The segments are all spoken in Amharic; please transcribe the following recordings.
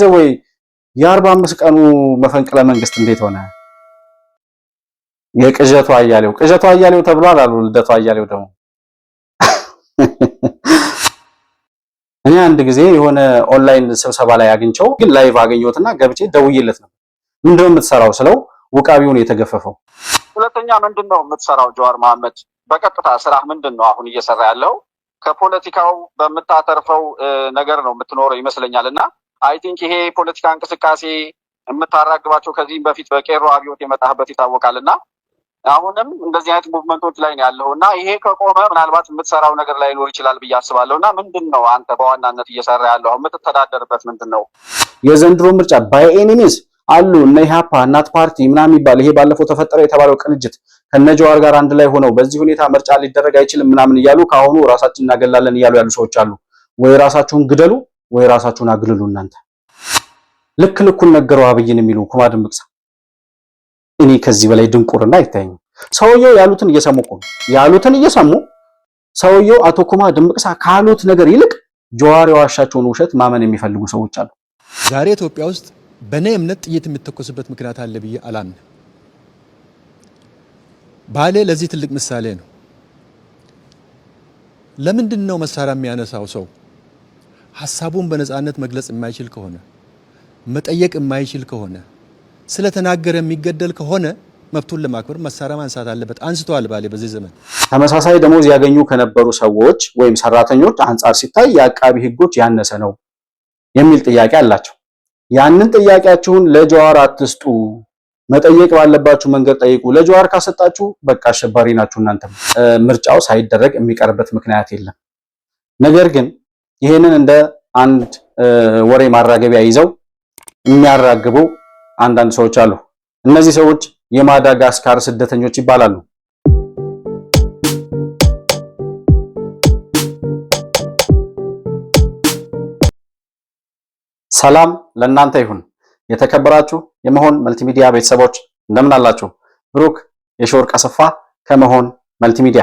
ዘ ወይ የአርባ አምስት ቀኑ መፈንቅለ መንግስት እንዴት ሆነ? የቅዠቱ አያሌው ቅዠቱ አያሌው ተብሏል አሉ ልደቱ አያሌው ደግሞ እኔ አንድ ጊዜ የሆነ ኦንላይን ስብሰባ ላይ አግኝቸው ግን ላይቭ አገኘሁትና ገብቼ ደውዬለት ነው ምንድነው የምትሰራው ስለው ውቃቢውን የተገፈፈው ሁለተኛ ምንድን ነው የምትሰራው ጀዋር መሐመድ በቀጥታ ስራ ምንድን ነው አሁን እየሰራ ያለው ከፖለቲካው በምታተርፈው ነገር ነው የምትኖረው ይመስለኛል እና አይ ቲንክ ይሄ የፖለቲካ እንቅስቃሴ የምታራግባቸው ከዚህም በፊት በቄሮ አብዮት የመጣህበት ይታወቃል እና አሁንም እንደዚህ አይነት ሙቭመንቶች ላይ ነው ያለው እና ይሄ ከቆመ ምናልባት የምትሰራው ነገር ላይ ሊኖር ይችላል ብዬ አስባለሁ። እና ምንድን ነው አንተ በዋናነት እየሰራ ያለው የምትተዳደርበት ምንድን ነው? የዘንድሮ ምርጫ ባይ ኤኒ አሉ እነ ኢህአፓ እናት ፓርቲ ምናምን የሚባል ይሄ ባለፈው ተፈጠረ የተባለው ቅንጅት ጀዋር ጋር አንድ ላይ ሆነው በዚህ ሁኔታ ምርጫ ሊደረግ አይችልም ምናምን እያሉ ከአሁኑ ራሳችን እናገላለን እያሉ ያሉ ሰዎች አሉ ወይ ራሳችሁን ግደሉ ወይ ራሳችሁን አግልሉ እናንተ። ልክ ልኩን ነገረው አብይን የሚሉ ኩማ ድምቅሳ እኔ ከዚህ በላይ ድንቁርና አይታየኝም። ሰውየው ያሉትን እየሰሙ እኮ ነው ያሉትን እየሰሙ ሰውየው አቶ ኩማ ድምቅሳ ካሉት ነገር ይልቅ ጀዋር የዋሻቸውን ውሸት ማመን የሚፈልጉ ሰዎች አሉ። ዛሬ ኢትዮጵያ ውስጥ በእኔ እምነት ጥይት የምትተኮስበት ምክንያት አለ ብዬ አላምን። ባሌ ለዚህ ትልቅ ምሳሌ ነው። ለምንድን ነው መሳሪያ የሚያነሳው ሰው? ሀሳቡን በነፃነት መግለጽ የማይችል ከሆነ መጠየቅ የማይችል ከሆነ ስለተናገረ የሚገደል ከሆነ መብቱን ለማክበር መሳሪያ ማንሳት አለበት። አንስተዋል ባሌ በዚህ ዘመን ተመሳሳይ ደሞዝ ያገኙ ከነበሩ ሰዎች ወይም ሰራተኞች አንጻር ሲታይ የአቃቢ ህጎች ያነሰ ነው የሚል ጥያቄ አላቸው። ያንን ጥያቄያችሁን ለጀዋር አትስጡ፣ መጠየቅ ባለባችሁ መንገድ ጠይቁ። ለጀዋር ካሰጣችሁ በቃ አሸባሪ ናችሁ እናንተም። ምርጫው ሳይደረግ የሚቀርበት ምክንያት የለም። ነገር ግን ይህንን እንደ አንድ ወሬ ማራገቢያ ይዘው የሚያራግቡ አንዳንድ ሰዎች አሉ። እነዚህ ሰዎች የማዳጋስካር ስደተኞች ይባላሉ። ሰላም ለእናንተ ይሁን። የተከበራችሁ የመሆን መልቲሚዲያ ቤተሰቦች እንደምን አላችሁ? ብሩክ የሾርቅ አሰፋ ከመሆን መልቲሚዲያ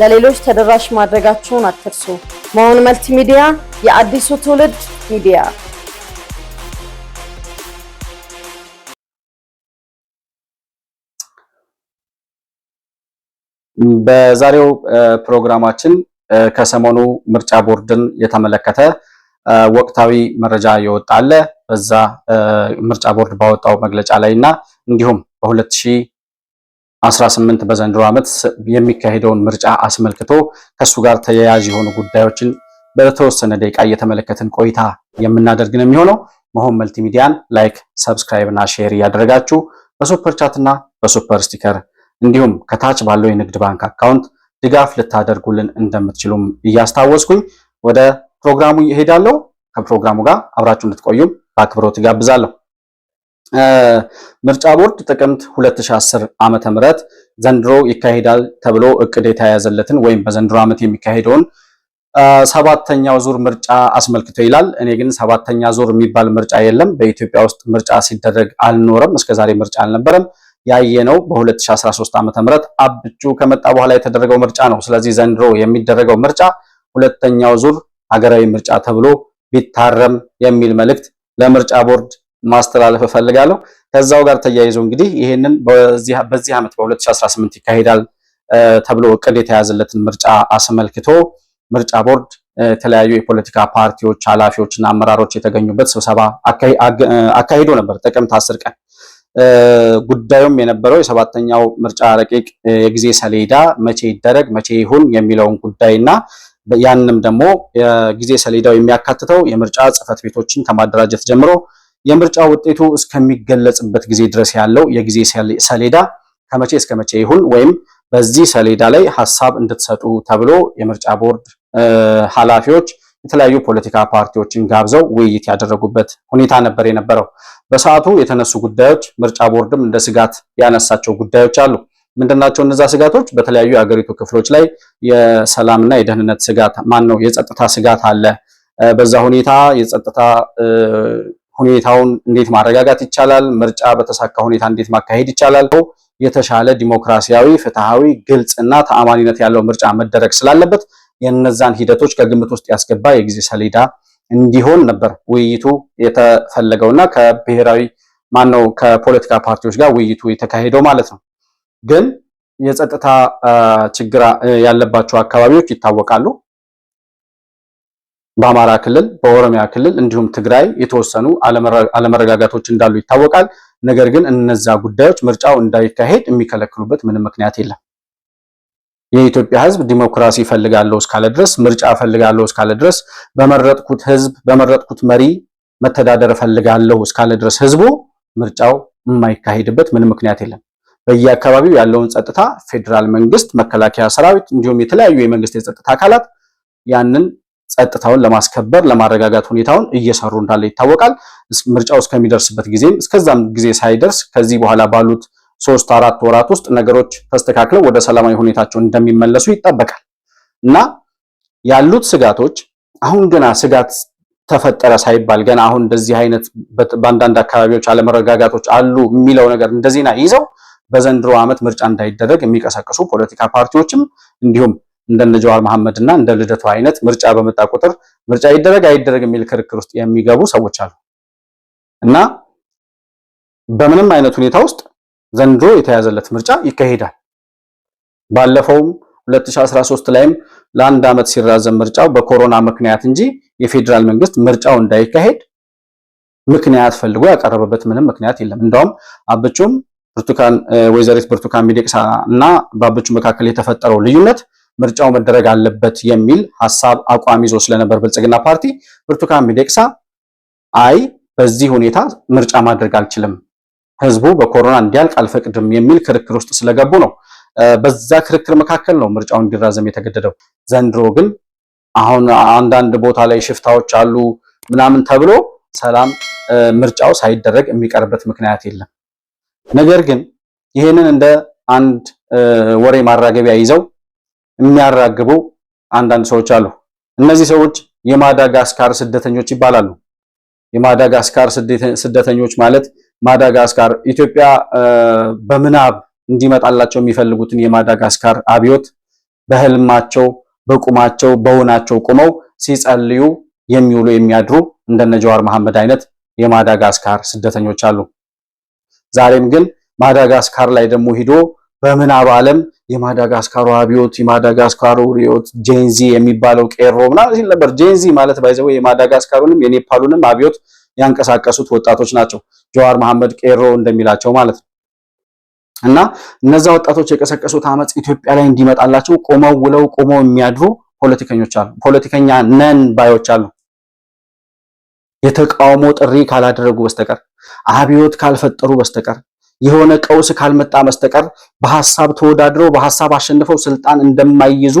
ለሌሎች ተደራሽ ማድረጋችሁን አትርሱ። መሆን መልቲ ሚዲያ የአዲሱ ትውልድ ሚዲያ በዛሬው ፕሮግራማችን ከሰሞኑ ምርጫ ቦርድን የተመለከተ ወቅታዊ መረጃ አለ። በዛ ምርጫ ቦርድ ባወጣው መግለጫ ላይ እና እንዲሁም በ 18 በዘንድሮ ዓመት የሚካሄደውን ምርጫ አስመልክቶ ከሱ ጋር ተያያዥ የሆኑ ጉዳዮችን በተወሰነ ደቂቃ እየተመለከትን ቆይታ የምናደርግ የሚሆነው። መሆን መልቲሚዲያን ላይክ፣ ሰብስክራይብ እና ሼር እያደረጋችሁ በሱፐር ቻት እና በሱፐር ስቲከር እንዲሁም ከታች ባለው የንግድ ባንክ አካውንት ድጋፍ ልታደርጉልን እንደምትችሉም እያስታወስኩኝ ወደ ፕሮግራሙ ይሄዳለሁ። ከፕሮግራሙ ጋር አብራችሁ እንድትቆዩም በአክብሮት እጋብዛለሁ። ምርጫ ቦርድ ጥቅምት 2010 ዓመተ ምህረት ዘንድሮ ይካሄዳል ተብሎ እቅድ የተያያዘለትን ወይም በዘንድሮ ዓመት የሚካሄደውን ሰባተኛው ዙር ምርጫ አስመልክቶ ይላል። እኔ ግን ሰባተኛ ዙር የሚባል ምርጫ የለም። በኢትዮጵያ ውስጥ ምርጫ ሲደረግ አልኖረም። እስከዛሬ ምርጫ አልነበረም። ያየነው በ2013 ዓመተ ምህረት አብቹ ከመጣ በኋላ የተደረገው ምርጫ ነው። ስለዚህ ዘንድሮ የሚደረገው ምርጫ ሁለተኛው ዙር ሀገራዊ ምርጫ ተብሎ ቢታረም የሚል መልእክት ለምርጫ ቦርድ ማስተላለፍ እፈልጋለሁ። ከዛው ጋር ተያይዞ እንግዲህ ይህንን በዚህ ዓመት በ2018 ይካሄዳል ተብሎ እቅድ የተያዘለትን ምርጫ አስመልክቶ ምርጫ ቦርድ የተለያዩ የፖለቲካ ፓርቲዎች ኃላፊዎችና አመራሮች የተገኙበት ስብሰባ አካሂዶ ነበር ጥቅምት አስር ቀን። ጉዳዩም የነበረው የሰባተኛው ምርጫ ረቂቅ የጊዜ ሰሌዳ መቼ ይደረግ መቼ ይሁን የሚለውን ጉዳይና ያንም ደግሞ የጊዜ ሰሌዳው የሚያካትተው የምርጫ ጽህፈት ቤቶችን ከማደራጀት ጀምሮ የምርጫ ውጤቱ እስከሚገለጽበት ጊዜ ድረስ ያለው የጊዜ ሰሌዳ ከመቼ እስከ መቼ ይሁን ወይም በዚህ ሰሌዳ ላይ ሀሳብ እንድትሰጡ ተብሎ የምርጫ ቦርድ ኃላፊዎች የተለያዩ ፖለቲካ ፓርቲዎችን ጋብዘው ውይይት ያደረጉበት ሁኔታ ነበር የነበረው። በሰዓቱ የተነሱ ጉዳዮች ምርጫ ቦርድም እንደ ስጋት ያነሳቸው ጉዳዮች አሉ። ምንድናቸው እነዛ ስጋቶች? በተለያዩ የአገሪቱ ክፍሎች ላይ የሰላምና የደህንነት ስጋት ማን ነው የጸጥታ ስጋት አለ። በዛ ሁኔታ የጸጥታ ሁኔታውን እንዴት ማረጋጋት ይቻላል፣ ምርጫ በተሳካ ሁኔታ እንዴት ማካሄድ ይቻላል፣ የተሻለ ዲሞክራሲያዊ፣ ፍትሃዊ፣ ግልጽና ተአማኒነት ያለው ምርጫ መደረግ ስላለበት የነዛን ሂደቶች ከግምት ውስጥ ያስገባ የጊዜ ሰሌዳ እንዲሆን ነበር ውይይቱ የተፈለገውና ከብሔራዊ ማነው ከፖለቲካ ፓርቲዎች ጋር ውይይቱ የተካሄደው ማለት ነው። ግን የጸጥታ ችግር ያለባቸው አካባቢዎች ይታወቃሉ። በአማራ ክልል፣ በኦሮሚያ ክልል እንዲሁም ትግራይ የተወሰኑ አለመረጋጋቶች እንዳሉ ይታወቃል። ነገር ግን እነዛ ጉዳዮች ምርጫው እንዳይካሄድ የሚከለክሉበት ምንም ምክንያት የለም። የኢትዮጵያ ሕዝብ ዲሞክራሲ ፈልጋለሁ እስካለ ድረስ ምርጫ ፈልጋለሁ እስካለ ድረስ በመረጥኩት ሕዝብ በመረጥኩት መሪ መተዳደር ፈልጋለሁ እስካለ ድረስ ሕዝቡ ምርጫው የማይካሄድበት ምንም ምክንያት የለም። በየአካባቢው ያለውን ጸጥታ ፌዴራል መንግስት፣ መከላከያ ሰራዊት እንዲሁም የተለያዩ የመንግስት የጸጥታ አካላት ያንን ጸጥታውን ለማስከበር ለማረጋጋት ሁኔታውን እየሰሩ እንዳለ ይታወቃል። ምርጫው እስከሚደርስበት ጊዜም እስከዛም ጊዜ ሳይደርስ ከዚህ በኋላ ባሉት ሶስት አራት ወራት ውስጥ ነገሮች ተስተካክለው ወደ ሰላማዊ ሁኔታቸው እንደሚመለሱ ይጠበቃል እና ያሉት ስጋቶች አሁን ገና ስጋት ተፈጠረ ሳይባል ገና አሁን እንደዚህ አይነት በአንዳንድ አካባቢዎች አለመረጋጋቶች አሉ የሚለው ነገር እንደዜና ይዘው በዘንድሮ ዓመት ምርጫ እንዳይደረግ የሚቀሰቅሱ ፖለቲካ ፓርቲዎችም እንዲሁም እንደነ ጀዋር መሐመድ እና እንደ ልደቱ አይነት ምርጫ በመጣ ቁጥር ምርጫ ይደረግ አይደረግ የሚል ክርክር ውስጥ የሚገቡ ሰዎች አሉ እና በምንም አይነት ሁኔታ ውስጥ ዘንድሮ የተያዘለት ምርጫ ይካሄዳል። ባለፈውም 2013 ላይም ለአንድ ዓመት ሲራዘም ምርጫው በኮሮና ምክንያት እንጂ የፌዴራል መንግስት ምርጫው እንዳይካሄድ ምክንያት ፈልጎ ያቀረበበት ምንም ምክንያት የለም። እንዳውም አብቹም ብርቱካን ወይዘሪት ብርቱካን ሚደቅሳ እና በአብቹ መካከል የተፈጠረው ልዩነት ምርጫው መደረግ አለበት የሚል ሀሳብ አቋም ይዞ ስለነበር ብልጽግና ፓርቲ ብርቱካን ሚደቅሳ አይ በዚህ ሁኔታ ምርጫ ማድረግ አልችልም፣ ህዝቡ በኮሮና እንዲያልቅ አልፈቅድም የሚል ክርክር ውስጥ ስለገቡ ነው። በዛ ክርክር መካከል ነው ምርጫው እንዲራዘም የተገደደው። ዘንድሮ ግን አሁን አንዳንድ ቦታ ላይ ሽፍታዎች አሉ ምናምን ተብሎ ሰላም ምርጫው ሳይደረግ የሚቀርበት ምክንያት የለም። ነገር ግን ይህንን እንደ አንድ ወሬ ማራገቢያ ይዘው የሚያራግቡ አንዳንድ ሰዎች አሉ። እነዚህ ሰዎች የማዳጋስካር ስደተኞች ይባላሉ። የማዳጋስካር ስደተኞች ማለት ማዳጋስካር ኢትዮጵያ በምናብ እንዲመጣላቸው የሚፈልጉትን የማዳጋስካር አብዮት በህልማቸው፣ በቁማቸው፣ በውናቸው ቁመው ሲጸልዩ የሚውሉ የሚያድሩ እንደነ ጀዋር መሐመድ አይነት የማዳጋስካር ስደተኞች አሉ። ዛሬም ግን ማዳጋስካር ላይ ደግሞ ሂዶ በምናብ ዓለም የማዳጋስካሩ አብዮት የማዳጋስካሩ ሪዮት ጄንዚ የሚባለው ቄሮ ምናምን ሲል ነበር። ጄንዚ ማለት ባይዘው የማዳጋስካሩንም የኔፓሉንም አብዮት ያንቀሳቀሱት ወጣቶች ናቸው። ጀዋር መሐመድ ቄሮ እንደሚላቸው ማለት ነው። እና እነዛ ወጣቶች የቀሰቀሱት አመፅ ኢትዮጵያ ላይ እንዲመጣላቸው ቆመው ውለው ቆመው የሚያድሩ ፖለቲከኞች አሉ። ፖለቲከኛ ነን ባዮች አሉ። የተቃውሞ ጥሪ ካላደረጉ በስተቀር አብዮት ካልፈጠሩ በስተቀር የሆነ ቀውስ ካልመጣ በስተቀር በሀሳብ ተወዳድረው በሀሳብ አሸንፈው ስልጣን እንደማይይዙ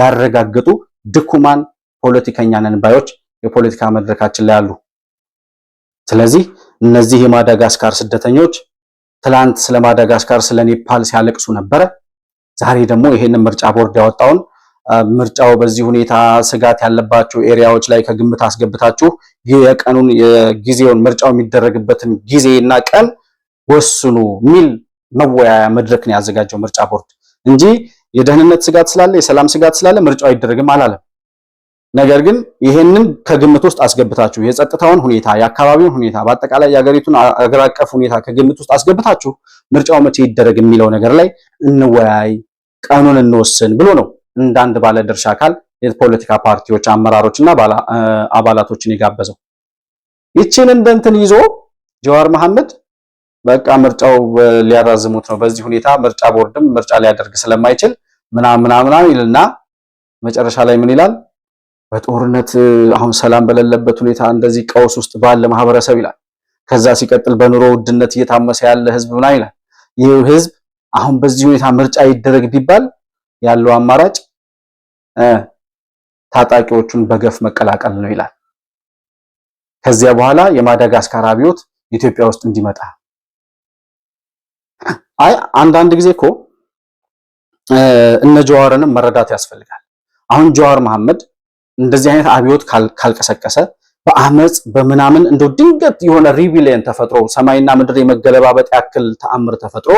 ያረጋገጡ ድኩማን ፖለቲከኛ ነን ባዮች የፖለቲካ መድረካችን ላይ አሉ። ስለዚህ እነዚህ የማዳጋስካር ስደተኞች ትላንት ስለ ማዳጋስካር ስለ ኔፓል ሲያለቅሱ ነበረ። ዛሬ ደግሞ ይሄንን ምርጫ ቦርድ ያወጣውን ምርጫው በዚህ ሁኔታ ስጋት ያለባቸው ኤሪያዎች ላይ ከግምት አስገብታችሁ የቀኑን የጊዜውን ምርጫው የሚደረግበትን እና ቀን ወስኑ ሚል መወያያ መድረክ ነው ያዘጋጀው ምርጫ ቦርድ እንጂ የደህንነት ስጋት ስላለ የሰላም ስጋት ስላለ ምርጫው አይደረግም አላለም። ነገር ግን ይሄንን ከግምት ውስጥ አስገብታችሁ የጸጥታውን ሁኔታ፣ የአካባቢውን ሁኔታ፣ በአጠቃላይ የሀገሪቱን አገር አቀፍ ሁኔታ ከግምት ውስጥ አስገብታችሁ ምርጫው መቼ ይደረግ የሚለው ነገር ላይ እንወያይ፣ ቀኑን እንወስን ብሎ ነው እንደ አንድ ባለ ድርሻ አካል የፖለቲካ ፓርቲዎች አመራሮችና አባላቶችን የጋበዘው። ይችን እንደንትን ይዞ ጀዋር መሐመድ በቃ ምርጫው ሊያራዝሙት ነው። በዚህ ሁኔታ ምርጫ ቦርድም ምርጫ ሊያደርግ ስለማይችል ምናምን ምናምን ይልና መጨረሻ ላይ ምን ይላል? በጦርነት አሁን ሰላም በሌለበት ሁኔታ እንደዚህ ቀውስ ውስጥ ባለ ማህበረሰብ ይላል። ከዛ ሲቀጥል በኑሮ ውድነት እየታመሰ ያለ ህዝብ ምናምን ይላል። ይህ ህዝብ አሁን በዚህ ሁኔታ ምርጫ ይደረግ ቢባል ያለው አማራጭ ታጣቂዎቹን በገፍ መቀላቀል ነው ይላል። ከዚያ በኋላ የማዳጋስካር አብዮት ኢትዮጵያ ውስጥ እንዲመጣ አይ አንዳንድ ጊዜ እኮ እነ ጀዋርንም መረዳት ያስፈልጋል። አሁን ጀዋር መሐመድ እንደዚህ አይነት አብዮት ካልቀሰቀሰ በአመፅ በምናምን እንደ ድንገት የሆነ ሪቪሌን ተፈጥሮ ሰማይና ምድር የመገለባበጥ ያክል ተአምር ተፈጥሮ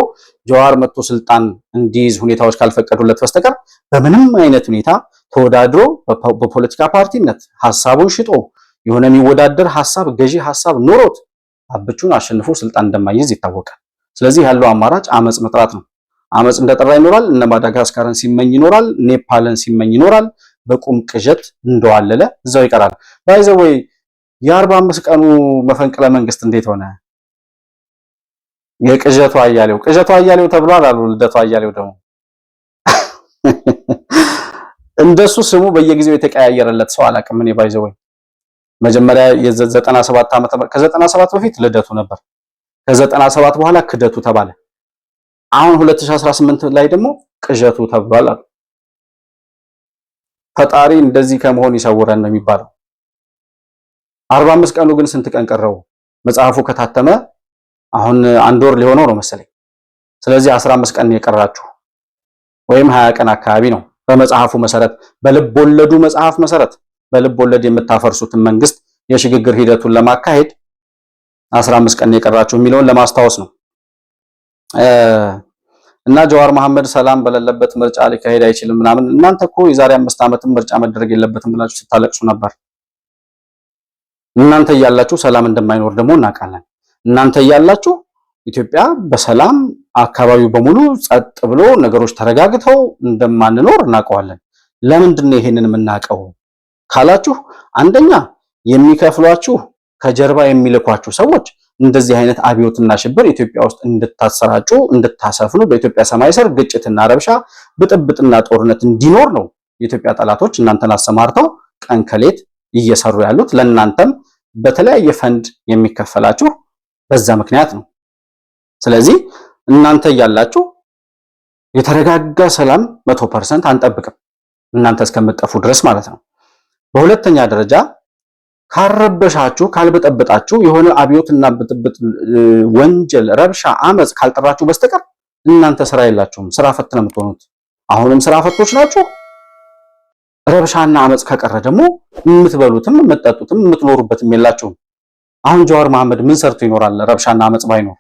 ጀዋር መጥቶ ስልጣን እንዲይዝ ሁኔታዎች ካልፈቀዱለት በስተቀር በምንም አይነት ሁኔታ ተወዳድሮ በፖለቲካ ፓርቲነት ሀሳቡን ሽጦ የሆነ የሚወዳደር ሀሳብ ገዢ ሀሳብ ኖሮት አብቹን አሸንፎ ስልጣን እንደማይይዝ ይታወቃል። ስለዚህ ያለው አማራጭ አመፅ መጥራት ነው። አመፅ እንደጠራ ይኖራል። እነ ማዳጋስካርን ሲመኝ ይኖራል። ኔፓልን ሲመኝ ይኖራል። በቁም ቅዠት እንደዋለለ እዛው ይቀራል። ዘ ወይ የአርባ አምስት ቀኑ መፈንቅለ መንግስት እንዴት ሆነ? የቅዠቱ አያሌው ቅዠቱ አያሌው ተብሏል አሉ ልደቱ አያሌው ደግሞ እንደሱ ስሙ በየጊዜው የተቀያየረለት ሰው አላውቅም። እኔ መጀመሪያ የ97 ዓመተ ከ97 በፊት ልደቱ ነበር። ከዘጠና ሰባት በኋላ ክደቱ ተባለ። አሁን 2018 ላይ ደግሞ ቅዠቱ ተባለ። ፈጣሪ እንደዚህ ከመሆን ይሰውረን ነው የሚባለው። 45 ቀኑ ግን ስንት ቀን ቀረው? መጽሐፉ ከታተመ አሁን አንድ ወር ሊሆነው ነው መሰለኝ። ስለዚህ 15 ቀን የቀራችሁ ወይም 20 ቀን አካባቢ ነው በመጽሐፉ መሰረት፣ በልብ ወለዱ መጽሐፍ መሰረት በልብ ወለድ የምታፈርሱትን መንግስት የሽግግር ሂደቱን ለማካሄድ 15 ቀን የቀራችሁ የሚለውን ለማስታወስ ነው። እና ጀዋር መሐመድ ሰላም በሌለበት ምርጫ ሊካሄድ አይችልም ምናምን። እናንተ እኮ የዛሬ አምስት ዓመትም ምርጫ መደረግ የለበትም ብላችሁ ስታለቅሱ ነበር። እናንተ እያላችሁ ሰላም እንደማይኖር ደግሞ እናውቃለን። እናንተ እያላችሁ ኢትዮጵያ በሰላም አካባቢው በሙሉ ጸጥ ብሎ ነገሮች ተረጋግተው እንደማንኖር እናውቀዋለን። ለምንድን ነው ይሄንን የምናውቀው ካላችሁ አንደኛ የሚከፍሏችሁ ከጀርባ የሚልኳቸው ሰዎች እንደዚህ አይነት አብዮትና ሽብር ኢትዮጵያ ውስጥ እንድታሰራጩ እንድታሰፍኑ በኢትዮጵያ ሰማይ ስር ግጭትና ረብሻ ብጥብጥና ጦርነት እንዲኖር ነው የኢትዮጵያ ጠላቶች እናንተን አሰማርተው ቀን ከሌት እየሰሩ ያሉት። ለእናንተም በተለያየ ፈንድ የሚከፈላችሁ በዛ ምክንያት ነው። ስለዚህ እናንተ እያላችሁ የተረጋጋ ሰላም መቶ ፐርሰንት አንጠብቅም እናንተ እስከምጠፉ ድረስ ማለት ነው። በሁለተኛ ደረጃ ካልረበሻችሁ ካልበጠበጣችሁ የሆነ አብዮትና ብጥብጥ፣ ወንጀል፣ ረብሻ፣ አመፅ ካልጠራችሁ በስተቀር እናንተ ስራ የላችሁም። ስራ ፈት ነው የምትሆኑት። አሁንም ስራ ፈቶች ናችሁ። ረብሻና አመፅ ከቀረ ደግሞ የምትበሉትም የምትጠጡትም የምትኖሩበትም የላችሁም። አሁን ጀዋር መሐመድ ምን ሰርቶ ይኖራል? ረብሻና አመፅ ባይኖር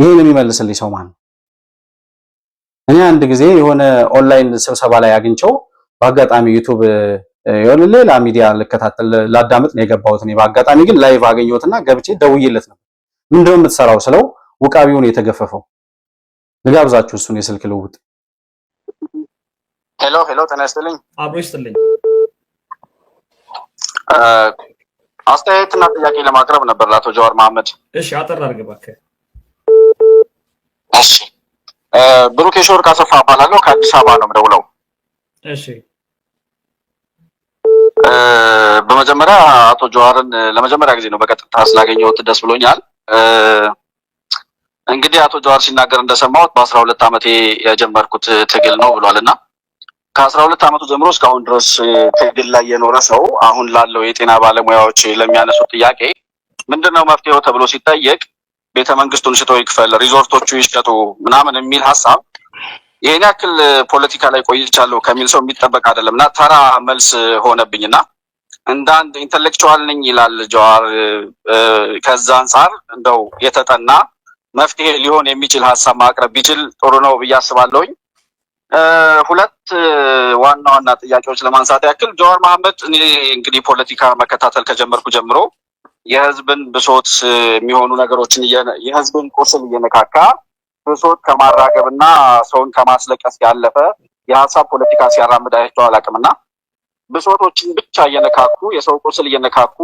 ይህን የሚመልስልኝ ሰው ማን ነው? እኔ አንድ ጊዜ የሆነ ኦንላይን ስብሰባ ላይ አግኝቸው በአጋጣሚ ዩቱብ የሆነ ሌላ ሚዲያ ልከታተል ላዳምጥ ነው የገባሁት። እኔ በአጋጣሚ ግን ላይቭ አገኘሁትና ገብቼ ደውዬለት ነው ምንድነው የምትሰራው ስለው ውቃቢውን የተገፈፈው ልጋብዛችሁ እሱን የስልክ ልውውጥ። ሄሎ ሄሎ፣ ጤና ይስጥልኝ። አብሮ ይስጥልኝ። አስተያየትና ጥያቄ ለማቅረብ ነበር ለአቶ ጀዋር መሀመድ እሺ፣ አጠር አድርግ እባክህ። እሺ፣ ብሩኬ ሾርቅ አሰፋ እባላለሁ ከአዲስ አበባ ነው የምደውለው። እሺ በመጀመሪያ አቶ ጀዋርን ለመጀመሪያ ጊዜ ነው በቀጥታ ስላገኘሁት ደስ ብሎኛል። እንግዲህ አቶ ጀዋር ሲናገር እንደሰማሁት በአስራ ሁለት ዓመቴ የጀመርኩት ትግል ነው ብሏል እና ከአስራ ሁለት ዓመቱ ጀምሮ እስካሁን ድረስ ትግል ላይ የኖረ ሰው አሁን ላለው የጤና ባለሙያዎች ለሚያነሱት ጥያቄ ምንድን ነው መፍትሄው ተብሎ ሲጠየቅ ቤተ መንግስቱን ሽጦ ይክፈል፣ ሪዞርቶቹ ይሸጡ ምናምን የሚል ሀሳብ ይህን ያክል ፖለቲካ ላይ ቆይቻለሁ ከሚል ሰው የሚጠበቅ አይደለም እና ተራ መልስ ሆነብኝና እንደ አንድ ኢንተሌክቹዋል ነኝ ይላል ጀዋር። ከዛ አንጻር እንደው የተጠና መፍትሄ ሊሆን የሚችል ሀሳብ ማቅረብ ቢችል ጥሩ ነው ብዬ አስባለሁኝ። ሁለት ዋና ዋና ጥያቄዎች ለማንሳት ያክል ጀዋር መሐመድ እኔ እንግዲህ ፖለቲካ መከታተል ከጀመርኩ ጀምሮ የህዝብን ብሶት የሚሆኑ ነገሮችን የህዝብን ቁስል እየነካካ ብሶት ከማራገብ እና ሰውን ከማስለቀስ ያለፈ የሀሳብ ፖለቲካ ሲያራምድ አይቼው ብሶቶችን ብቻ እየነካኩ የሰው ቁስል እየነካኩ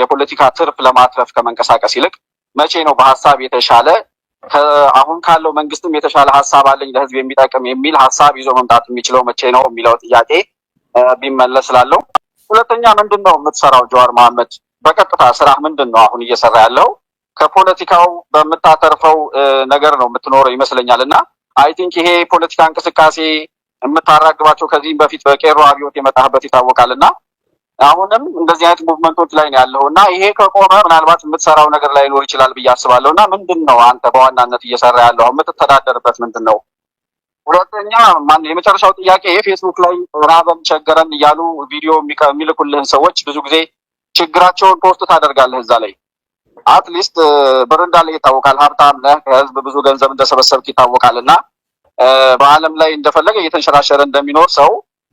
የፖለቲካ ትርፍ ለማትረፍ ከመንቀሳቀስ ይልቅ መቼ ነው በሀሳብ የተሻለ አሁን ካለው መንግስትም የተሻለ ሀሳብ አለኝ ለህዝብ የሚጠቅም የሚል ሀሳብ ይዞ መምጣት የሚችለው መቼ ነው የሚለው ጥያቄ ቢመለስ ስላለው። ሁለተኛ ምንድን ነው የምትሰራው ጀዋር መሐመድ? በቀጥታ ስራ ምንድን ነው አሁን እየሰራ ያለው? ከፖለቲካው በምታተርፈው ነገር ነው የምትኖረው ይመስለኛል። እና አይ ቲንክ ይሄ ፖለቲካ እንቅስቃሴ የምታራግባቸው ከዚህም በፊት በቄሮ አብዮት የመጣህበት ይታወቃል። እና አሁንም እንደዚህ አይነት ሙቭመንቶች ላይ ነው ያለው እና ይሄ ከቆመ ምናልባት የምትሰራው ነገር ኖር ይችላል ብዬ አስባለሁ። እና ምንድን ነው አንተ በዋናነት እየሰራ ያለው የምትተዳደርበት ምንድን ነው? ሁለተኛ የመጨረሻው ጥያቄ የፌስቡክ ላይ ራበን ቸገረን እያሉ ቪዲዮ የሚልኩልህን ሰዎች ብዙ ጊዜ ችግራቸውን ፖስት ታደርጋለህ እዛ ላይ አትሊስት ብር እንዳለ ይታወቃል። ሀብታም ነህ፣ ከህዝብ ብዙ ገንዘብ እንደሰበሰብክ ይታወቃል። እና eh, ላይ እንደፈለገ እየተንሸራሸረ እንደሚኖር ሰው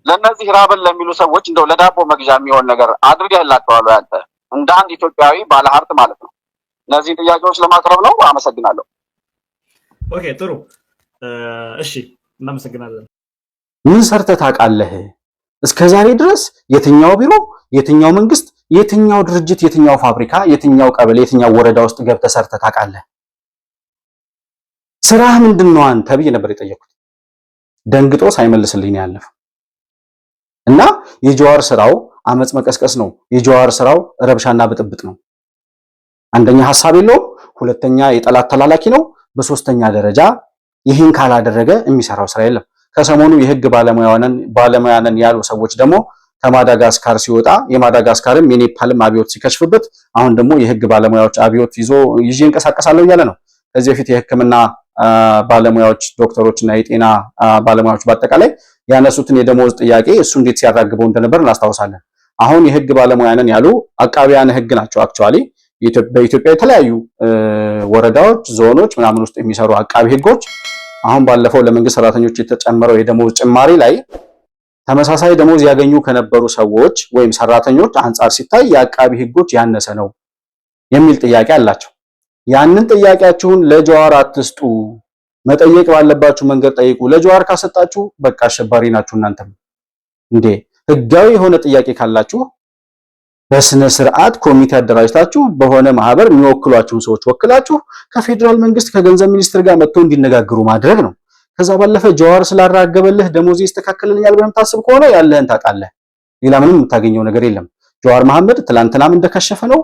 ለእነዚህ ራበን ለሚሉ ሰዎች እንደው ለዳቦ መግዣ የሚሆን ነገር አድርገህላቸዋል ያንተ እንደ አንድ ኢትዮጵያዊ ባለሀብት ማለት ነው። እነዚህን ጥያቄዎች ለማቅረብ ነው። አመሰግናለሁ። ኦኬ፣ ጥሩ eh, እሺ፣ እናመሰግናለን። ምን ሰርተህ ታውቃለህ? እስከ ዛሬ ድረስ የትኛው ቢሮ የትኛው መንግስት የትኛው ድርጅት፣ የትኛው ፋብሪካ፣ የትኛው ቀበሌ፣ የትኛው ወረዳ ውስጥ ገብተህ ሰርተህ ታውቃለህ? ስራህ ምንድን ነው አንተ ብዬ ነበር የጠየኩት። ደንግጦ ሳይመልስልኝ ያለፈ እና የጀዋር ስራው አመፅ መቀስቀስ ነው። የጀዋር ስራው ረብሻና ብጥብጥ ነው። አንደኛ ሐሳብ የለውም፣ ሁለተኛ የጠላት ተላላኪ ነው፣ በሶስተኛ ደረጃ ይህን ካላደረገ የሚሰራው ስራ የለም። ከሰሞኑ የህግ ባለሙያ ነን ያሉ ሰዎች ደግሞ ከማዳጋስካር ሲወጣ የማዳጋስካርም የኔፓልም አብዮት ሲከሽፍበት አሁን ደግሞ የህግ ባለሙያዎች አብዮት ይዞ ይዤ እንቀሳቀሳለሁ እያለ ነው። ከዚህ በፊት የህክምና ባለሙያዎች ዶክተሮች እና የጤና ባለሙያዎች በአጠቃላይ ያነሱትን የደሞዝ ጥያቄ እሱ እንዴት ሲያራግበው እንደነበር እናስታውሳለን። አሁን የህግ ባለሙያንን ያሉ አቃቢያን ህግ ናቸው። አክቹዋሊ በኢትዮጵያ የተለያዩ ወረዳዎች፣ ዞኖች ምናምን ውስጥ የሚሰሩ አቃቢ ህጎች አሁን ባለፈው ለመንግስት ሰራተኞች የተጨመረው የደሞዝ ጭማሪ ላይ ተመሳሳይ ደሞዝ ያገኙ ከነበሩ ሰዎች ወይም ሰራተኞች አንጻር ሲታይ የአቃቢ ህጎች ያነሰ ነው የሚል ጥያቄ አላቸው። ያንን ጥያቄያችሁን ለጀዋር አትስጡ። መጠየቅ ባለባችሁ መንገድ ጠይቁ። ለጀዋር ካሰጣችሁ በቃ አሸባሪ ናችሁ እናንተም። እንዴ ህጋዊ የሆነ ጥያቄ ካላችሁ በስነ ስርዓት ኮሚቴ አደራጅታችሁ በሆነ ማህበር የሚወክሏችሁን ሰዎች ወክላችሁ ከፌዴራል መንግስት ከገንዘብ ሚኒስትር ጋር መጥተው እንዲነጋግሩ ማድረግ ነው። ከዛ ባለፈ ጀዋር ስላራገበልህ ደሞዝ ይስተካከልልኛል ብለህ የምታስብ ከሆነ ያለህን ታውቃለህ። ሌላ ምንም የምታገኘው ነገር የለም። ጀዋር መሐመድ ትላንትናም እንደከሸፈ ነው፣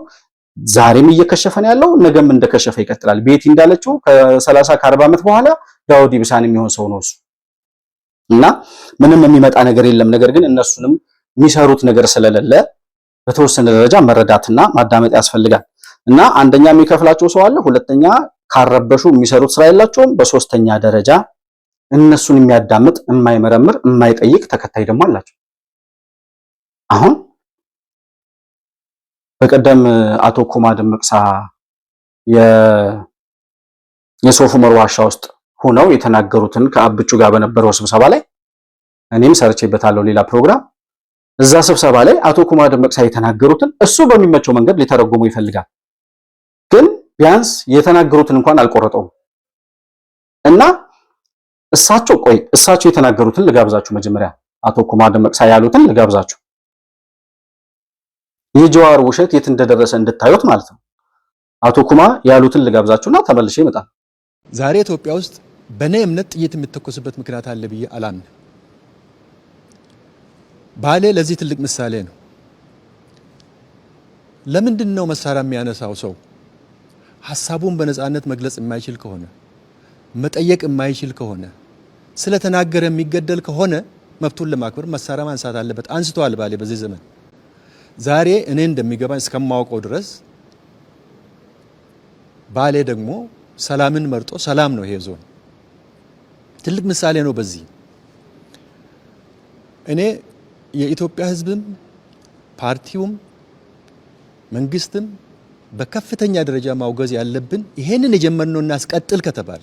ዛሬም እየከሸፈ ነው ያለው፣ ነገም እንደከሸፈ ይቀጥላል። ቤቲ እንዳለችው ከሰላሳ ከአርባ ዓመት በኋላ ዳውድ ኢብሳን የሚሆን ሰው ነው እሱ እና ምንም የሚመጣ ነገር የለም። ነገር ግን እነሱንም የሚሰሩት ነገር ስለሌለ በተወሰነ ደረጃ መረዳትና ማዳመጥ ያስፈልጋል። እና አንደኛ የሚከፍላቸው ሰው አለ፣ ሁለተኛ ካረበሹ የሚሰሩት ስራ የላቸውም፣ በሶስተኛ ደረጃ እነሱን የሚያዳምጥ የማይመረምር የማይጠይቅ ተከታይ ደግሞ አላቸው። አሁን በቀደም አቶ ኩማ ደመቅሳ የሶፍ ዑመር ዋሻ ውስጥ ሆነው የተናገሩትን ከአብቹ ጋር በነበረው ስብሰባ ላይ እኔም ሰርቼበታለሁ ሌላ ፕሮግራም። እዛ ስብሰባ ላይ አቶ ኩማ ደመቅሳ የተናገሩትን እሱ በሚመቸው መንገድ ሊተረጎሙ ይፈልጋል። ግን ቢያንስ የተናገሩትን እንኳን አልቆረጠውም እና እሳቸው ቆይ እሳቸው የተናገሩትን ልጋብዛችሁ። መጀመሪያ አቶ ኩማ ደመቅሳ ያሉትን ልጋብዛችሁ። የጀዋር ውሸት የት እንደደረሰ እንድታዩት ማለት ነው። አቶ ኩማ ያሉትን ልጋብዛችሁና ተመልሼ ይመጣል። ዛሬ ኢትዮጵያ ውስጥ በእኔ እምነት ጥይት የሚተኮስበት ምክንያት አለ ብዬ አላምን። ባሌ ለዚህ ትልቅ ምሳሌ ነው። ለምንድን ነው መሳሪያ የሚያነሳው ሰው ሀሳቡን በነፃነት መግለጽ የማይችል ከሆነ መጠየቅ የማይችል ከሆነ ስለተናገረ የሚገደል ከሆነ መብቱን ለማክበር መሳሪያ ማንሳት አለበት። አንስተዋል ባሌ በዚህ ዘመን ዛሬ እኔ እንደሚገባኝ እስከማውቀው ድረስ ባሌ ደግሞ ሰላምን መርጦ ሰላም ነው። ይሄ ዞን ትልቅ ምሳሌ ነው። በዚህ እኔ የኢትዮጵያ ሕዝብም ፓርቲውም መንግስትም በከፍተኛ ደረጃ ማውገዝ ያለብን ይሄንን የጀመርነው እናስቀጥል ከተባለ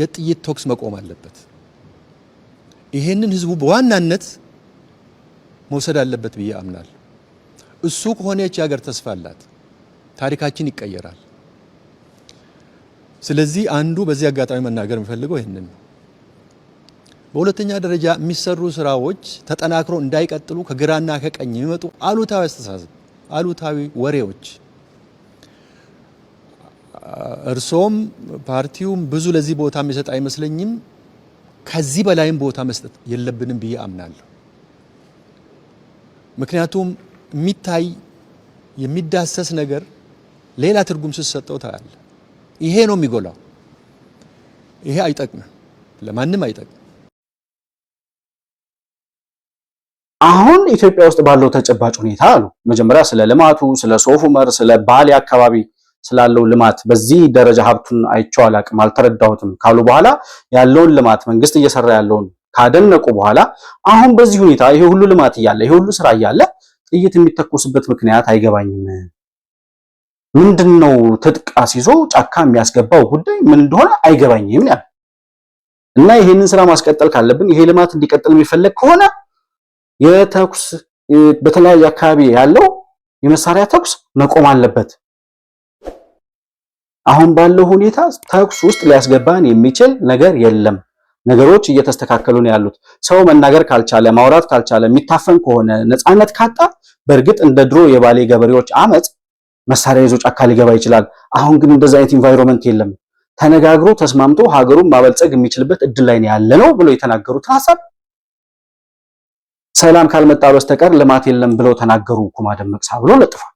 የጥይት ተኩስ መቆም አለበት። ይሄንን ህዝቡ በዋናነት መውሰድ አለበት ብዬ አምናል። እሱ ከሆነ ይቺ ሀገር ተስፋ አላት፣ ታሪካችን ይቀየራል። ስለዚህ አንዱ በዚህ አጋጣሚ መናገር የሚፈልገው ይህንን ነው። በሁለተኛ ደረጃ የሚሰሩ ስራዎች ተጠናክሮ እንዳይቀጥሉ ከግራና ከቀኝ የሚመጡ አሉታዊ አስተሳሰብ፣ አሉታዊ ወሬዎች እርሶም ፓርቲውም ብዙ ለዚህ ቦታ የሚሰጥ አይመስለኝም። ከዚህ በላይም ቦታ መስጠት የለብንም ብዬ አምናለሁ። ምክንያቱም የሚታይ የሚዳሰስ ነገር ሌላ ትርጉም ስትሰጠው ታያለ። ይሄ ነው የሚጎላው። ይሄ አይጠቅምም፣ ለማንም አይጠቅም። አሁን ኢትዮጵያ ውስጥ ባለው ተጨባጭ ሁኔታ አሉ መጀመሪያ ስለ ልማቱ፣ ስለ ሶፍ ዑመር፣ ስለ ባሌ አካባቢ ስላለው ልማት በዚህ ደረጃ ሀብቱን አይቼው አላቅም አልተረዳሁትም ካሉ በኋላ ያለውን ልማት መንግስት እየሰራ ያለውን ካደነቁ በኋላ አሁን በዚህ ሁኔታ ይሄ ሁሉ ልማት እያለ ይሄ ሁሉ ስራ እያለ ጥይት የሚተኮስበት ምክንያት አይገባኝም። ምንድነው ነው ትጥቅ አስይዞ ጫካ የሚያስገባው ጉዳይ ምን እንደሆነ አይገባኝም ያለ እና ይሄንን ስራ ማስቀጠል ካለብን ይሄ ልማት እንዲቀጥል የሚፈለግ ከሆነ የተኩስ በተለያየ አካባቢ ያለው የመሳሪያ ተኩስ መቆም አለበት። አሁን ባለው ሁኔታ ተኩስ ውስጥ ሊያስገባን የሚችል ነገር የለም። ነገሮች እየተስተካከሉ ነው ያሉት። ሰው መናገር ካልቻለ፣ ማውራት ካልቻለ፣ የሚታፈን ከሆነ ነፃነት ካጣ በእርግጥ እንደ ድሮ የባሌ ገበሬዎች አመፅ መሳሪያ ይዞ ጫካ ሊገባ ይችላል። አሁን ግን እንደዚ አይነት ኢንቫይሮንመንት የለም። ተነጋግሮ ተስማምቶ ሀገሩን ማበልጸግ የሚችልበት እድል ላይ ነው ያለ ነው ብሎ የተናገሩትን ሀሳብ ሰላም ካልመጣ በስተቀር ልማት የለም ብለው ተናገሩ ኩማ ደመቅሳ ብሎ ለጥፏል።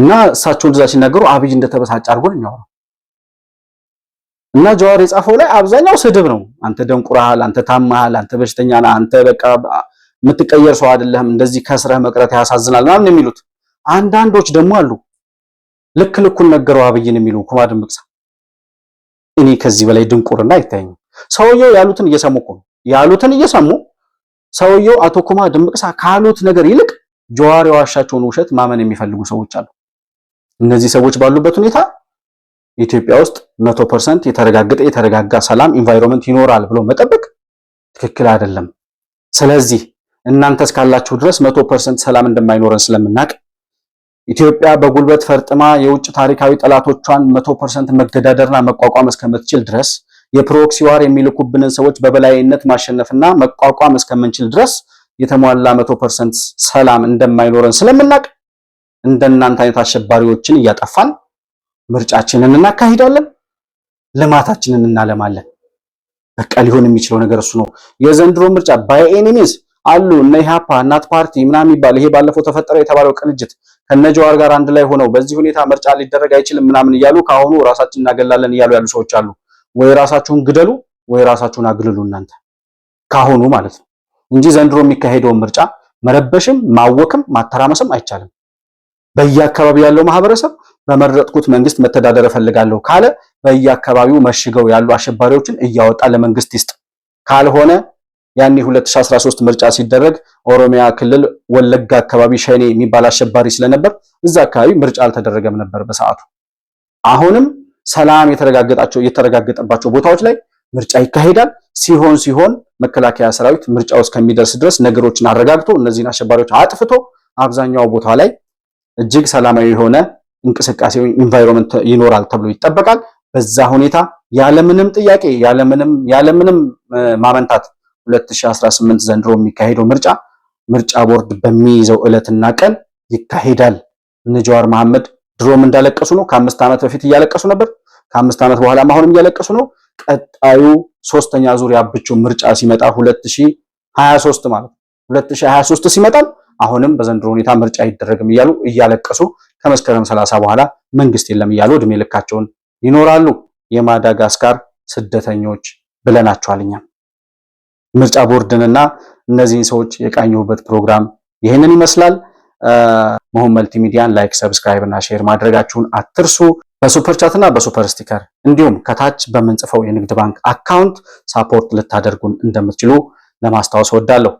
እና እሳቸው እንደዛ ሲናገሩ አብይ እንደተበሳጭ አድርጎ ነው የሚያወራው። እና ጀዋር የጻፈው ላይ አብዛኛው ስድብ ነው። አንተ ደንቁራሃል፣ አንተ ታማሃል፣ አንተ በሽተኛ ነህ፣ አንተ በቃ የምትቀየር ሰው አይደለህም፣ እንደዚህ ከስረህ መቅረት ያሳዝናል ምናምን የሚሉት አንዳንዶች ደግሞ አሉ። ልክ ልኩን ነገረው አብይን የሚሉ ኩማ ድምቅሳ እኔ ከዚህ በላይ ድንቁርና አይታየኝም። ሰውየው ያሉትን እየሰሙ እኮ ነው ያሉትን እየሰሙ ሰውየው አቶ ኩማ ድምቅሳ ካሉት ነገር ይልቅ ጀዋር የዋሻቸውን ውሸት ማመን የሚፈልጉ ሰዎች አሉ። እነዚህ ሰዎች ባሉበት ሁኔታ ኢትዮጵያ ውስጥ መቶ ፐርሰንት የተረጋገጠ የተረጋጋ ሰላም ኢንቫይሮንመንት ይኖራል ብሎ መጠበቅ ትክክል አይደለም። ስለዚህ እናንተ እስካላችሁ ድረስ መቶ ፐርሰንት ሰላም እንደማይኖረን ስለምናቅ ኢትዮጵያ በጉልበት ፈርጥማ የውጭ ታሪካዊ ጠላቶቿን መቶ ፐርሰንት መገዳደርና መቋቋም እስከምትችል ድረስ የፕሮክሲ ዋር የሚልኩብንን ሰዎች በበላይነት ማሸነፍና መቋቋም እስከምንችል ድረስ የተሟላ መቶ ፐርሰንት ሰላም እንደማይኖረን ስለምናውቅ እንደናንተ አይነት አሸባሪዎችን እያጠፋን ምርጫችንን እናካሂዳለን፣ ልማታችንን እናለማለን። በቃ ሊሆን የሚችለው ነገር እሱ ነው። የዘንድሮ ምርጫ ባይ ኤኒሚስ አሉ እነ ኢሃፓ እናት ፓርቲ ምናምን የሚባል ይሄ ባለፈው ተፈጠረ የተባለው ቅንጅት ከነጀዋር ጋር አንድ ላይ ሆነው በዚህ ሁኔታ ምርጫ ሊደረግ አይችልም ምናምን እያሉ ከአሁኑ ራሳችን እናገላለን እያሉ ያሉ ሰዎች አሉ። ወይ ራሳችሁን ግደሉ ወይ ራሳችሁን አግልሉ እናንተ ካሁኑ ማለት ነው እንጂ ዘንድሮ የሚካሄደውን ምርጫ መረበሽም ማወክም ማተራመስም አይቻልም። በየአካባቢው ያለው ማህበረሰብ በመረጥኩት መንግስት መተዳደር እፈልጋለሁ ካለ በየአካባቢው መሽገው ያሉ አሸባሪዎችን እያወጣ ለመንግስት ይስጥ። ካልሆነ ያኔ 2013 ምርጫ ሲደረግ ኦሮሚያ ክልል ወለጋ አካባቢ ሸኔ የሚባል አሸባሪ ስለነበር እዛ አካባቢ ምርጫ አልተደረገም ነበር በሰዓቱ። አሁንም ሰላም የተረጋገጣቸው የተረጋገጠባቸው ቦታዎች ላይ ምርጫ ይካሄዳል። ሲሆን ሲሆን መከላከያ ሰራዊት ምርጫው እስከሚደርስ ድረስ ነገሮችን አረጋግቶ እነዚህን አሸባሪዎች አጥፍቶ አብዛኛው ቦታ ላይ እጅግ ሰላማዊ የሆነ እንቅስቃሴ ኢንቫይሮንመንት ይኖራል ተብሎ ይጠበቃል። በዛ ሁኔታ ያለምንም ጥያቄ ያለምንም ማመንታት 2018 ዘንድሮ የሚካሄደው ምርጫ ምርጫ ቦርድ በሚይዘው ዕለትና ቀን ይካሄዳል። እነ ጀዋር መሐመድ ድሮም እንዳለቀሱ ነው። ከአምስት ዓመት በፊት እያለቀሱ ነበር። ከአምስት ዓመት በኋላም አሁንም እያለቀሱ ነው። ቀጣዩ ሶስተኛ ዙር ያብቹ ምርጫ ሲመጣ 2023 ማለት 2023 ሲመጣል አሁንም በዘንድሮ ሁኔታ ምርጫ አይደረግም እያሉ እያለቀሱ ከመስከረም ሰላሳ በኋላ መንግስት የለም እያሉ እድሜ ልካቸውን ይኖራሉ። የማዳጋስካር ስደተኞች ብለናቸዋል። እኛም ምርጫ ቦርድንና እነዚህን ሰዎች የቃኘሁበት ፕሮግራም ይህንን ይመስላል። መሆን መልቲሚዲያን ላይክ፣ ሰብስክራይብ እና ሼር ማድረጋችሁን አትርሱ። በሱፐር ቻት እና በሱፐር ስቲከር እንዲሁም ከታች በምንጽፈው የንግድ ባንክ አካውንት ሳፖርት ልታደርጉን እንደምትችሉ ለማስታወስ እወዳለሁ።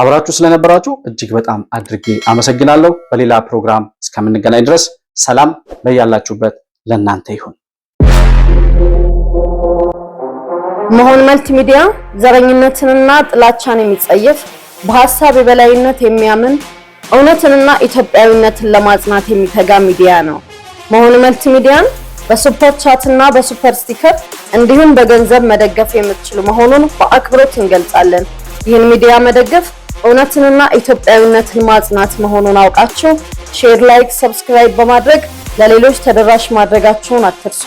አብራችሁ ስለነበራችሁ እጅግ በጣም አድርጌ አመሰግናለሁ። በሌላ ፕሮግራም እስከምንገናኝ ድረስ ሰላም በያላችሁበት ለእናንተ ይሁን። መሆን መልቲሚዲያ ሚዲያ ዘረኝነትንና ጥላቻን የሚጸየፍ በሀሳብ የበላይነት የሚያምን እውነትንና ኢትዮጵያዊነትን ለማጽናት የሚተጋ ሚዲያ ነው። መሆን መልቲሚዲያን በሱፐር ቻት እና በሱፐር ስቲከር እንዲሁም በገንዘብ መደገፍ የምትችሉ መሆኑን በአክብሮት እንገልጻለን። ይህን ሚዲያ መደገፍ እውነትንና ኢትዮጵያዊነትን ማጽናት መሆኑን አውቃችሁ ሼር፣ ላይክ፣ ሰብስክራይብ በማድረግ ለሌሎች ተደራሽ ማድረጋችሁን አትርሱ።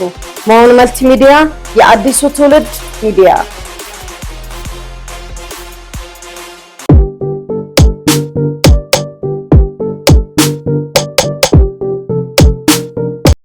መሆን መልቲሚዲያ የአዲሱ ትውልድ ሚዲያ